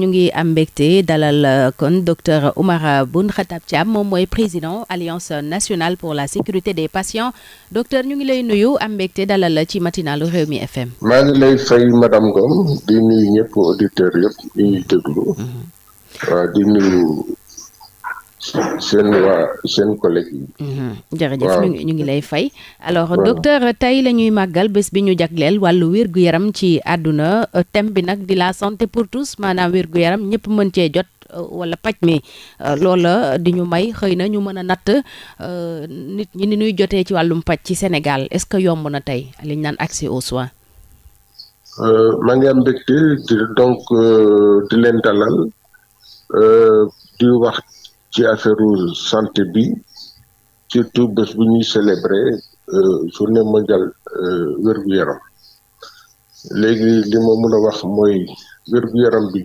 ñu ngi am mbégte dalal euh, kon docteur Oumar Boun Khatab Thiam moom mooy président alliance nationale pour la sécurité des patients docteur ñu ngi lay nuyu am mbégte dalal ci matinalu Rewmi FM. maa ngi lay fay madame Ngom di nuyu ñëpp auditeurs yëpp ñuy mm-hmm. nuyu seen waa seen collègue yi. Mhm. ñu ngi lay fay. alors docteur tey la ñuy màggal bés bi ñu jagleel wàllu wér-gu-yaram ci àdduna euh, thème bi nag di la santé pour tous maanaam wér-gu-yaram ñëpp mën cee jot. Euh, wala paj mi euh, loola di ñu may xëy na ñu mën a natt nit ñi ni ñuy jotee ci wàllum paj ci Sénégal est-ce que yomb na tey li ñu naan accès au soins. maa ngi am mbégte donc di leen dalal di wax ci affaire santé bi surtout bés bu ñuy célébrer euh, journée mondiale euh, wérgu yaram léegi li ma mën a wax mooy wérgu yaram bi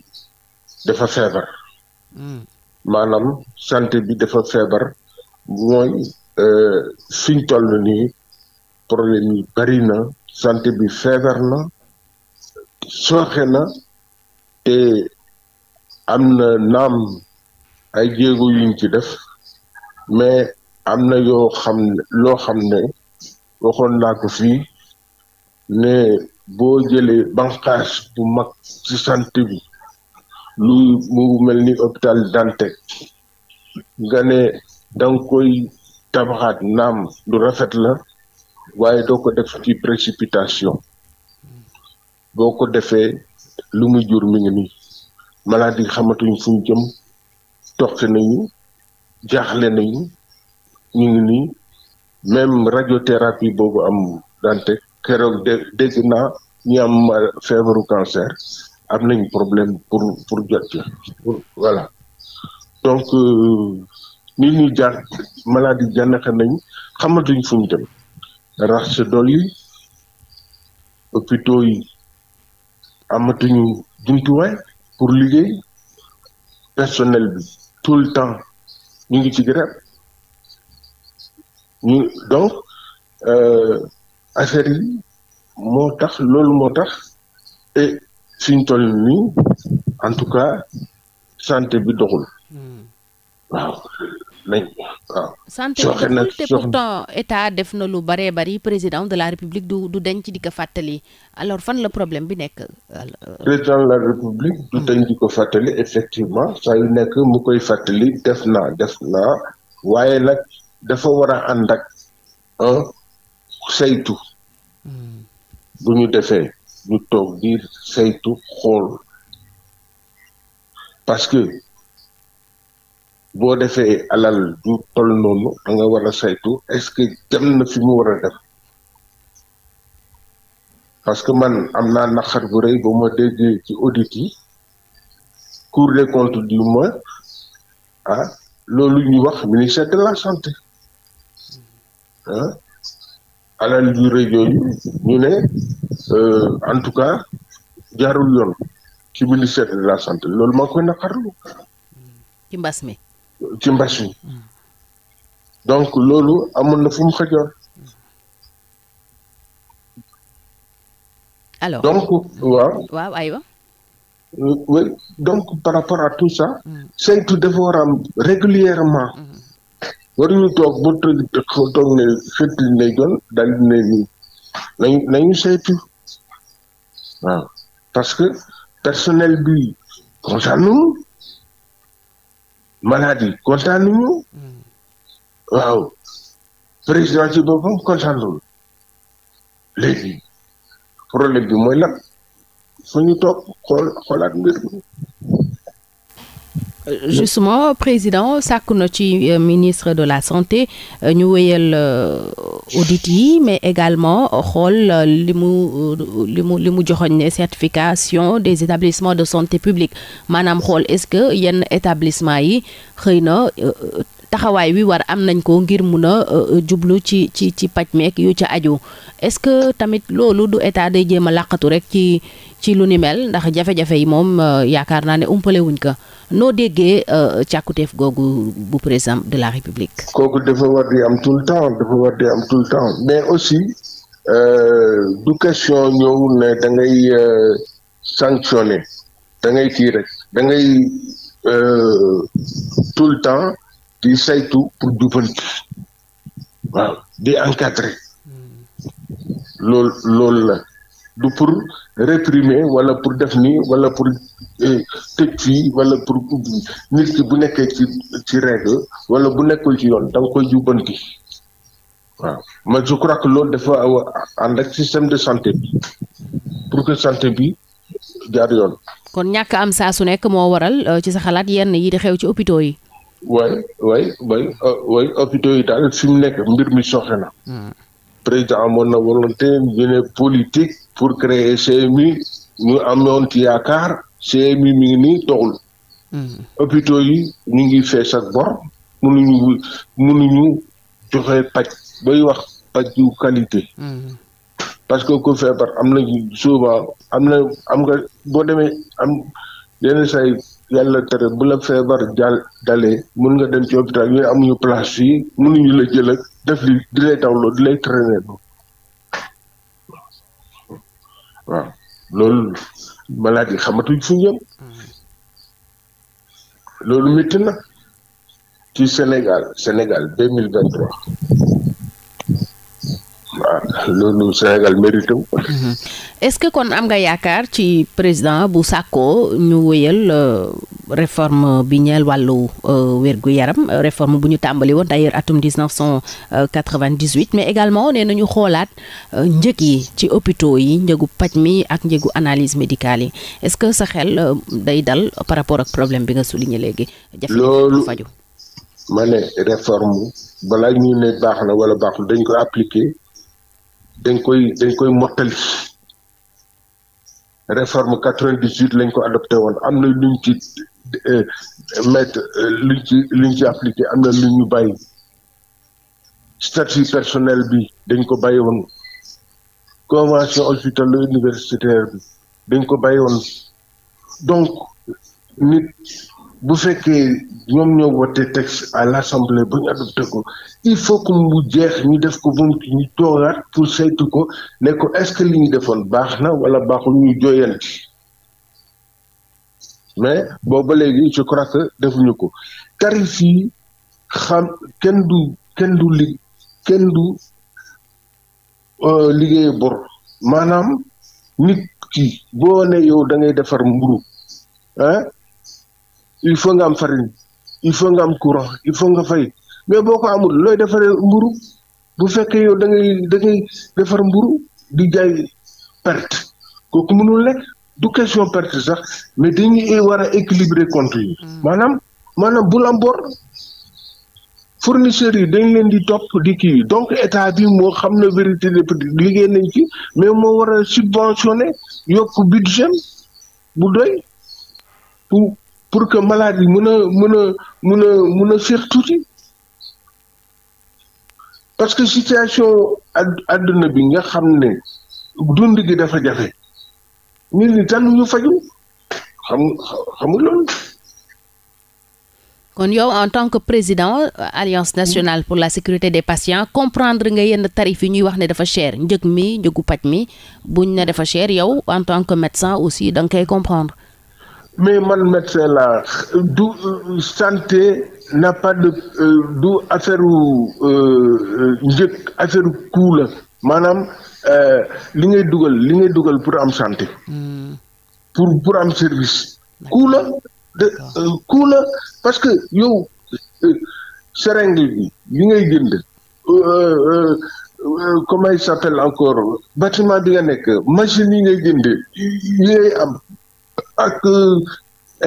dafa feebar hmm. maanaam santé bi dafa feebar mooy euh, fi ñu toll nii problème yi bari na santé bi feebar na sooxe na te am na naam ay jéego yuñ ci def mais am na yoo xam ne loo xam ne waxoon naa ko fii ne boo jëlee banqaas bu mag ci santé bi lu mu mel ni hôpital Dantec nga ne danga koy tabaxaat naam lu rafet la waaye doo ko def ci précipitation boo ko defee lu jur mi ngi nii maladie xamatuñ fuñ jëm toqi nañu jaaxle nañu ñu ni nii même radiothérapie boobu am dante keroog de dégg naa ñu am feebaru cancer am nañ problème pour pour jot ci pour voilà donc euh, nit ñi jaax maladie jànnaxe nañu xamatuñ fu ñu dem rax sa dolli hôpitaux yi amatuñu jumtuwaay pour liggéey personnel bi tout le temps ñu ngi ci grève ñu donc euh, affaire yi moo tax loolu moo tax et suñ toll nii en tout cas santé bi doxul hmm. waaw nañ waaw. santé bi te état def na lu baree bari président de la république du du denc di ko fàttali alors fan la problème bi nekk. président de la république. du hmm. denc di ko fàttali effectivement saa yu nekk mu koy fàttali def naa def naa waaye nag dafa war a ànd ak un saytu. Hmm. bu ñu defee ñu toog di saytu xool parce boo defee alal ju toll noonu da nga war a saytu est-ce que dem na fi mu war a def parce que man am na naqar bu rëy ba ma déggee ci audit yi Cour des comptes du mois ah, loolu ñuy wax ministère de la santé ah alal ju rëy yooyu ñu ne euh, en tout cas jaarul yoon ci ministère de la santé loolu maa koy naqarlu ci mbas mi ci mbas donc loolu amoon na fu mu xëjoon alors donc par rapport à tout ça mm. saytu dafa war am régulièrement mm. waruñu toog ba tëj toog ne xëtt ne jon daal ne nii nañu nañu saytu waaw parce que personnel bi concerne nous maladie kontaanuñu hmm. waaw président ci boppam kontaanul léegi problème bi mooy lan fu ñu toog xool xoolaat mbir mi Euh, justement président sàkku na ci euh, ministre de la santé euh, ñu wéyal audit yi mais également xool li mu li mu li mu joxoñ ne certification des établissements de santé publique maanaam xool est-ce que yenn établissement yi xëy na taxawaay wi war am nañ ko ngir mun a euh, euh, jublu ci ci ci paj meek yu ca ajo est-ce que tamit loolu du état day jéem a làqatu rek ci ci lu ni mel ndax jafe-jafe yi moom euh, yaakaar naa ne umpale wuñ ko noo déggee càkkuteef googu bu président de la république. kooku dafa war di am tout le temps mais aussi du question ñëw ne da sanctionner da ngay kii tout le temps. di saytu pour jubanti waaw di encadrer loolu hmm. loolu la du pour réprimer wala pour def nii wala pour eh, tëj fii wala pour ubbi nit ki bu nekkee ci ci règle wala bu nekkul ci yoon da nga koy jubanti waaw mais je crois que loolu dafa ànd ak système de santé bi pour que santé bi jaar yoon. kon ñàkk am saa nekk moo waral euh, ci sa xalaat yenn yi di xew ci hôpitaux yi. way way way ah, way yi daal fi mu nekk mbir mi soxe na hmm. président amoon na volonté yéene politique pour créer CMU ñu amoon ci yaakaar CMU mi ngi nii toxul hmm. hôpitaux yi ñu ngi fees ak bor mënuñu mënuñu joxe paj bay wax paj yu qualité hmm. parce que ku feebar am na souvent am na am nga boo demee am yenn say yàlla tere bula la feebar jàll dalee mun nga dem ci hôpital yooyu amuñu place fii mënuñu la jël ak def li di lay tawloo di lay traîner waaw loolu malade yi fu ñu hmm. loolu métti na ci Sénégal Sénégal deux mille vingt trois loolu Sénégal mérité wu. Mhm. est-ce que kon am nga yaakaar ci président bu sàkkoo ñu wéyal euh, réforme bi ñeel wàllu euh, wérgu yaram réforme bu ñu tàmbali woon d'ailleurs atum 1998 mais également nee nañu xoolaat euh, njëg yi ci hôpitaux yi njëgu paj mi ak njëgu analyse médicale yi est-ce que sa xel day dal par rapport ak problème bi nga souligné léegi. loolu faju ma ne réforme balaa ñu ne baax na wala baaxul dañ ko appliquer dañ koy dañ koy mottali réforme quatre-vingt-dix-huit lañ ko adopté woon am na luñ ci euh, mettre euh, luñ ci luñ ci appliqué am na lu ñu bàyyi statut personnel bi dañ ko bàyyi woon convention hospitalo universitaire bi dañ ko bay woon donc nit bu fekkee ñoom ñoo voté texte à l'assemblée ba ñu adopté ko il faut que bu jeex ñu def ko ba mu ñu toogaat pour saytu ko ne ko est-ce que li ñu defoon baax na wala baaxul ñu jooyanti mais booba léegi je crois que defuñu ko tarif yi xam kenn du kenn du li kenn du euh, liggéey bor maanaam nit ki boo ne yow da ngay defar mburu ah il faut nga am farine il faut nga am courant il faut nga fay mais boo ko amul looy defaree mburu bu fekkee yow da ngay defar mburu di jaay perte kooku mënul lekk du question perte sax mais dañuy e, war a équilibrer compte yi. Mm. maanaam maanaam bu lam bor yi dañ leen di topp di kii donc état bi moo xam na vérité de liggéey nañ ci mais moo war a subventionné yokk budget bu doy pour pour que malade yi mën a mën a tuuti parce que situation àdduna bi nga xam ne dund gi dafa jafe nit ñi ñu faju xam loolu kon yow en tant que président alliance nationale pour la sécurité des patients comprendre nga yenn tarif yi ñuy wax ne dafa cher njëg mi njëgu paj mi buñ ne dafa cher yow en tant que médecin aussi da nga koy comprendre mais man médecin la du euh, santé n'a de euh, du affaire euh, njëkk affaire coût la maanaam li ngay dugal li ngay dugal pour am santé. Hmm. pour pour am service. coût de coût parce que yow seringue bi li ngay jënd. comment il s'appelle encore bâtiment bi nga nekk machine yi ngay jënd am. ak euh,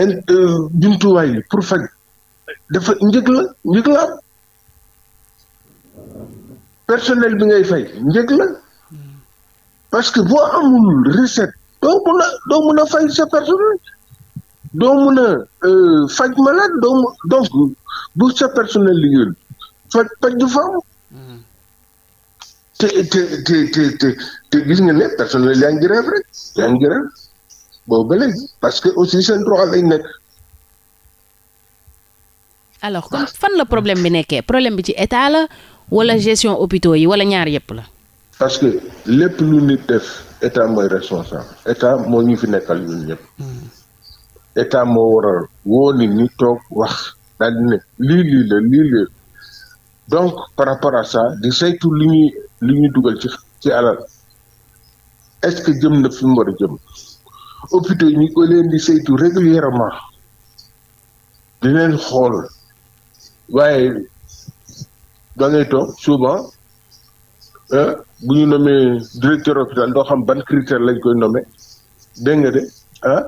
euh, jumtuwaay yi pour faj dafa njëg la njëg la personnel bi ngay fay njëg la parce que boo amul recette doo mun a doo mun sa personnel doo mun euh, faj malade doo donc bu sa personnel liggéeyul faj faj du fa te te te te te gis nga ne personnel yaa ngi grève rek yaa ngi grève boobu ba léegi parce que aussi seen droit lañ nekk. alors comme fan la problème bi nekkee problème bi ci état la wala gestion hôpitaux yi wala ñaar yëpp la. parce que lépp lu nit def état mooy responsable état moo ñu fi nekkal ñun ñëpp. Hmm. état moo waral woo nit ñi toog wax daal di lii lii la lii la donc par rapport à ça di saytu li ñuy li ñuy dugal ci ci alal est-ce que jëm na fi mu war a jëm. hôpitaux yi ñu ko leen di saytu régulièrement di leen xool waaye da ngay souvent euh, bu ñu nommé directeur hôpital doo xam ban critère lañ koy nommé dégg nga de ah,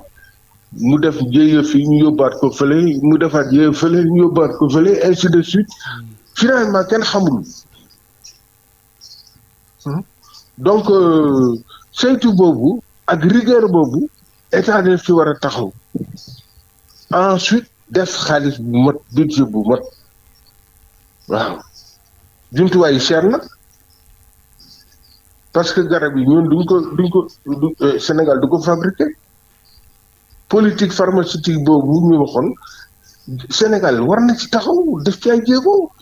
mu def jéeya fii ñu yóbbaat ko fële mu defaat jéeya fële ñu yóbbaat ko fële ainsi de suite finalement kenn xamul hmm? donc euh, saytu boobu ak rigeur boobu état def ci war a taxaw ensuite def xaalis bu mot budget bu mot waaw jumtuwaay yi cher na parce que garab yi ñun duñ ko duñ ko euh, Sénégal du ko fabriqué politique pharmaceutique boobu ñu waxoon Sénégal war ci taxaw def ci ay jéego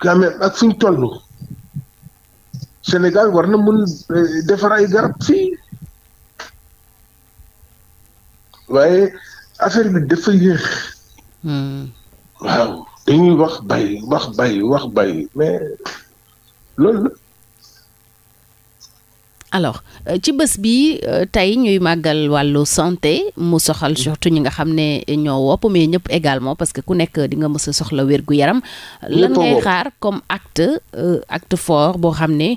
quand ak fi ñu toll Sénégal war na mën euh, defar ay garab fii waaye affaire bi dafa yéex. Hmm. waaw dañuy wax bay wax bay wax bay mais loolu. alors euh, ci bés bi euh, tey ñuy màggal wàllu santé mu soxal surtout ñi nga xam ne ñoo wopp mais ñëpp également parce que ku nekk di nga mës a soxla wérgu yaram. lan ngay xaar comme acte euh, acte fort boo xam ne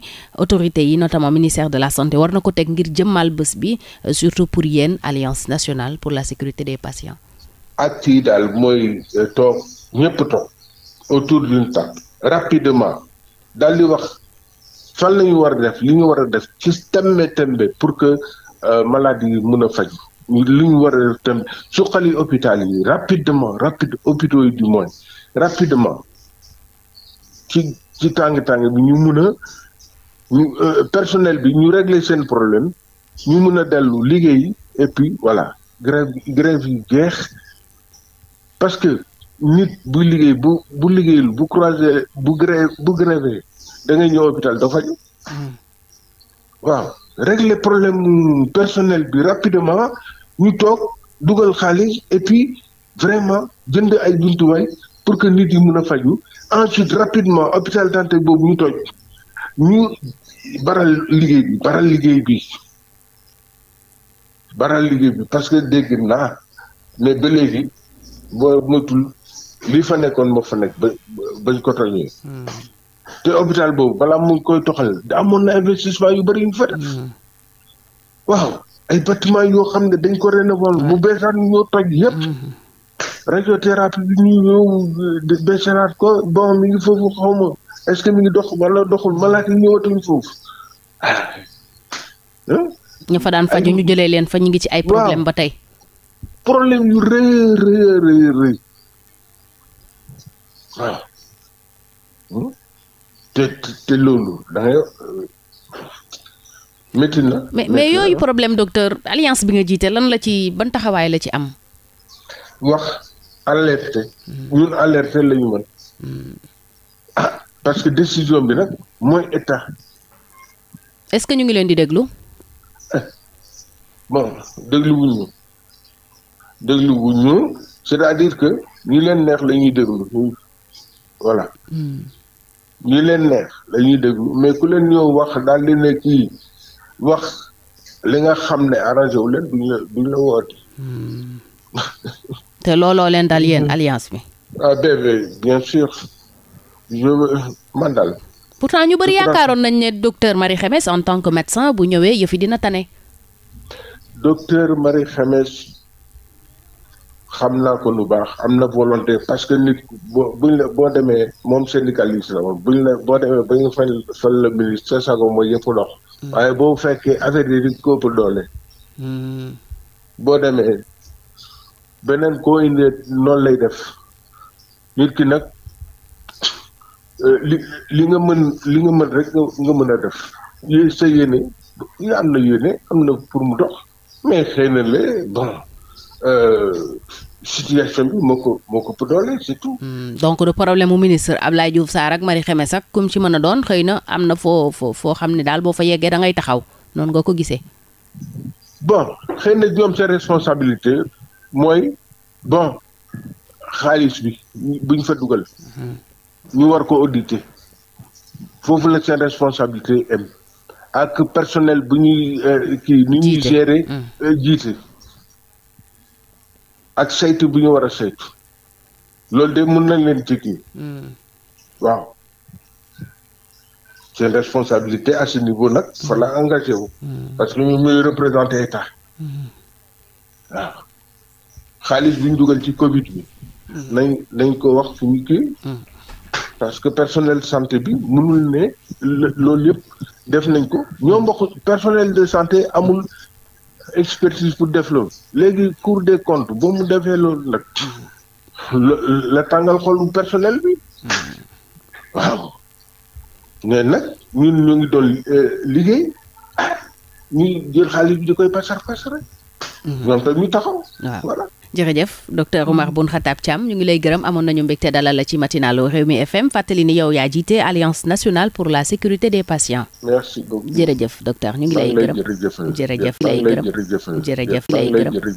autorités yi notamment ministère de la santé war na ko teg ngir jëmmal bés bi surtout pour yéen alliance nationale pour la sécurité des patients. acte yi daal mooy toog ñëpp toog autour d'une table rapidement daal di wax. fan la ñu war a def li ñu war a def ci tembe tembe pour que euh, maladie yi mën a faj li ñu war a def tembe suqali hôpital yi rapidement rapide hôpitaux yi du moins rapidement ci tàng-tàng bi ñu mun a ñu euh, personnel bi ñu régler seen problème ñu mën a dellu liggéey et puis voilà grève grève yi jeex parce que nit bu liggéey bu bu liggéeyul bu croiser bu grève bu grévé da ñëw hôpital doo faju waaw régler problème personnel bi rapidement ñu toog dugal xaalis et puis vraiment jënd ay jumtuwaay pour que nit yi na a faju ensuite rapidement hôpital Dantec boobu ñu toj ñu baral liggéey bi baral liggéey bi baral parce que dégg naa mais ba léegi boo motul lii fa nekkoon moo fa nekk ba bañ ko tojee hmm. te hôpital boobu balaa mu koy toxal amoon na investissement yu bëri yu fa def mm-hmm. waaw ay bâtiment yoo xam ne dañ ko rénover mu beesaan ñoo toj yëpp mm-hmm. radiothérapie bi ñu ñëw ko bon mi ngi foofu xaw ma est-ce que mi ngi dox wala doxul malaat yi ñëwatuñ foofu ah. ña fa daan faju ñu jëlee leen fa ñu ngi ci ay problème ba tey problème yu rëy rëy rëy waaw hmm? te te loolu da ngay na. mais mais yooyu problème docteur alliance bi nga jiite lan la ci ban taxawaay la ci am. wax alerté. ñun alerté la ñu mën. Ah, parce que décision bi nag mooy état. est-ce que ñu ngi leen di déglu. Eh, bon déglu wu ñu déglu ñu c'est-à-dire que ñu leen neex la ñuy déglu voilà. Hmm. ñu leen neex la ñuy déglu mais ku leen ñëw wax daal di ne kii wax li nga xam ne arrangé leen duñ la duñ la woote. Hmm. te looloo leen dal yéen hmm. alliance bi. ah bébé bien sûr man dal. pourtant ñu bari yaakaaroon nañ ne docteur Marie Khemesse en tant que médecin bu ñëwee yëfi dina tane. docteur Marie Khemesse xam naa ko lu baax am na volonté parce que nit boo buñ la boo demee moom syndicaliste la moom buñ la boo demee ba ñu fal fal la ministre sa sago mooy yëpp dox. Hmm. waaye boo fekkee affaire yi dañ ko ëpp doole. Hmm. boo demee beneen ko indee noonu lay def nit ki nag euh, li nga mën li nga mën rek nga mën a def yooyu sa yéene yi am na yéene am na pour mu dox mais xëy na le Euh, situation bi moo ko moo ko doole c'est hmm, donc le problème mu ministre Abdoulaye Diouf Sarr ak Marie Khemesse ak kum ci mën a doon xëy na am na foo foo foo xam ne daal boo fa yeggee da ngay taxaw noonu nga ko gisee. bon xëy na ñoom seen responsabilité mooy bon xaalis bi buñ fa dugal. Hmm. ñu war ko auditer foofu la seen responsabilité am ak personnel bu ñuy euh, kii ni ñuy gérer hmm. euh, jiite. ak saytu bi ñu war a saytu loolu de mën nañ leen jéggi. Hmm. waaw seen responsabilité à ce niveau nag fa la engagé wu. Hmm. parce que ñu muy représenté état. Hmm. waaw xaalis bi dugal ci Covid bi. nañ nañ ko wax fu ñu parce que personnel santé bi mënul ne loolu yëpp def nañ ko ñoom mbokk personnel de santé amul expertise pour def loolu léegi cour des comptes ba mu defee loolu nag la tàngal xolu personnel bi waaw mais nag ñun ñu ngi doon eh, liggéey ah, ñu jël xaalis bi di koy pasar pasar rek ñoom tam ñu taxaw voilà jërëjëf docteur Oumar Boun Khatab Thiam ñu ngi lay gërëm amoon nañu mbégte dalal la ci matinalu mi FM fàttali ni yow yaa jiite alliance nationale pour la sécurité des patients. merci beaucoup jërëjëf docteur ñu ngi lay gërëm jërëjëf lay gërëm jërëjëf lay gërëm